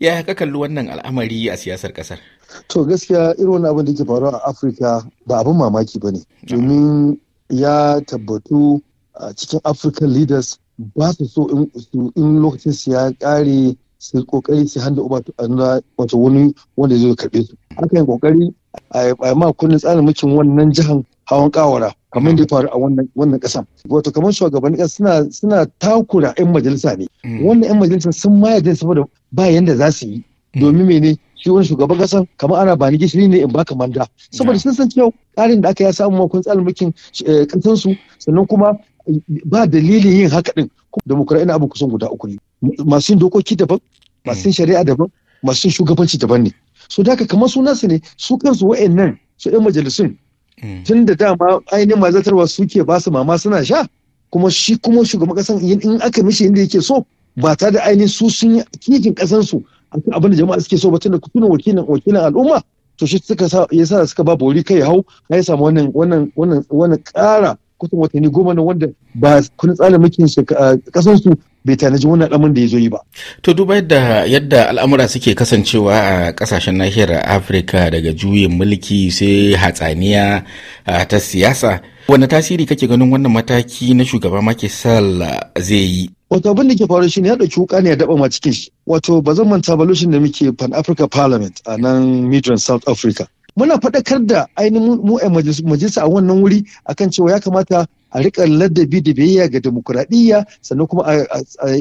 ya ka kalli wannan al'amari a siyasar kasar to gaskiya irin wani abin da ke faruwa a afirka ba abin mamaki ba ne domin ya tabbatu a cikin african leaders ba su so in lokacin su ya kare su kokari su handa uba wato wani wanda zai karbe su aka yi kokari a ma kundin tsarin mulkin wannan jihan hawan kawara kamar da faru a wannan wannan kasan wato kamar shugabannin kasa suna takura yan majalisa ne mm. wannan yan majalisa sun ma yadda saboda ba yanda za su yi mm. domin mene shi wani shugaban kasa kamar ana bani gishiri ne in baka manda saboda mm. sun san cewa karin da aka ya samu makon tsarin mulkin kasan eh, su sannan kuma ba dalilin yin haka din ina abu kusan guda uku ne masu yin dokoki daban masu yin shari'a daban masu yin shugabanci daban ne so da haka kamar sunansu ne su kansu wa'annan su yan majalisun Mm. tun da dama ainihin mazatarwa suke ba su mama suna sha kuma shi kuma shugaban kasan in aka mishi inda yake so ba ta da ainihin su sun yi kikin kasan su akan abin da jama'a suke so ba tunda kuna wakilin wakilin al'umma to shi suka sa yasa suka ba bori kai hau ya samu wannan wannan wannan wannan ƙara kusan watanni goma na wanda ba kun tsara mulkin kasan bai tanaji wannan al'amarin da ya zo yi ba. To duba yadda yadda al'amura suke kasancewa a kasashen nahiyar Afirka daga juyin mulki sai hatsaniya ta siyasa. Wanne tasiri kake ganin wannan mataki na shugaba Macky Sall zai yi? Wato abin da ke faru shi ne ya ɗauki wuka ne ya daɓa ma cikin shi. Wato ba zan manta ba lokacin da muke Pan Africa Parliament a nan Midrand South Africa. muna faɗakar da ainihin mu a majalisa a wannan wuri akan cewa ya kamata a riƙa ladabi da biyayya ga demokuraɗiyya sannan kuma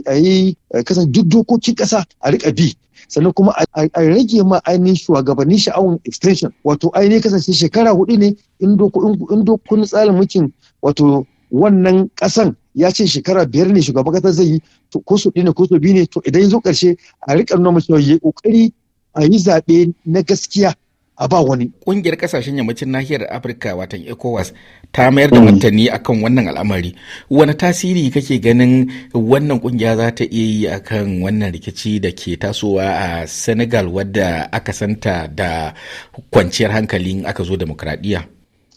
a yi kasan duk dokokin ƙasa a riƙa bi sannan kuma a rage ma ainihin shugabanni sha'awun extension wato ainihin kasance shekara hudu ne in dokun tsarin mulkin wato wannan ƙasan ya ce shekara biyar ne shugaban ƙasa zai yi ko su ne ko su biyu ne to idan ya zo ƙarshe a riƙa nuna mace ya ƙoƙari a yi zaɓe na gaskiya a ba wani. Ƙungiyar kasashen yammacin nahiyar Afirka watan ECOWAS ta mayar da mm. martani akan wannan al'amari. Wani tasiri kake ganin wannan ƙungiya za ta iya yi akan wannan rikici da ke tasowa a Senegal wadda aka santa da kwanciyar hankalin aka zo demokradiyya.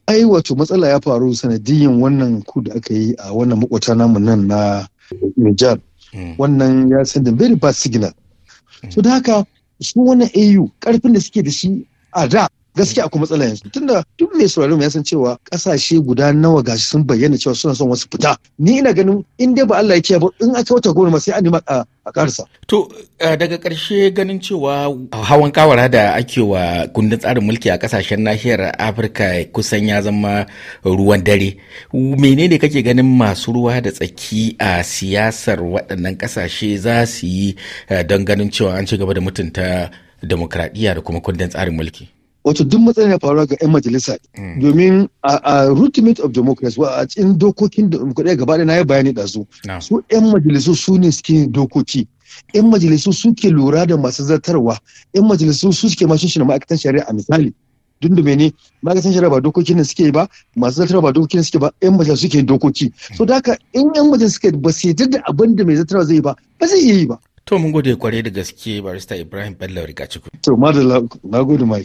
Ai wato matsala ya faru sanadiyin wannan ku da aka yi a wannan makwata namu nan na Nijar. Mm. Wannan ya sanda very bad signal. Mm. So da haka su wannan AU karfin da suke da shi a da gaskiya akwai matsala yanzu tunda duk mai sauraron ya san cewa kasashe guda nawa gashi sun bayyana cewa suna son wasu fita ni ina ganin in dai ba Allah ya ba in aka wata goma sai an nima a karsa to eh, daga karshe ganin cewa hawan kawara da ake wa kundin tsarin mulki a kasashen nahiyar Afirka kusan ya zama ruwan dare menene kake ganin masu ruwa da tsaki a siyasar waɗannan kasashe za su yi eh, don ganin cewa an ci gaba da mutunta demokradiyya da kuma kundin tsarin mulki wato duk matsalar ya faruwa ga 'yan majalisa hmm. domin a root of democracy a cikin dokokin da kuɗe gaba da na yi bayani da su su 'yan majalisu su ne suke dokoki 'yan majalisu suke lura da masu zartarwa 'yan majalisu su suke mashin shi na ma'aikatan shari'a a misali duk da mene ma'aikatan shari'a ba dokokin da suke ba masu zartarwa ba dokokin da suke ba 'yan majalisu suke dokoki so da haka in 'yan majalisu suke ba su da abin da mai zartarwa zai ba ba zai iya yi ba To mun gode kwarai da gaske barista Ibrahim Bello Rikaciku. To madalla na gode Mike.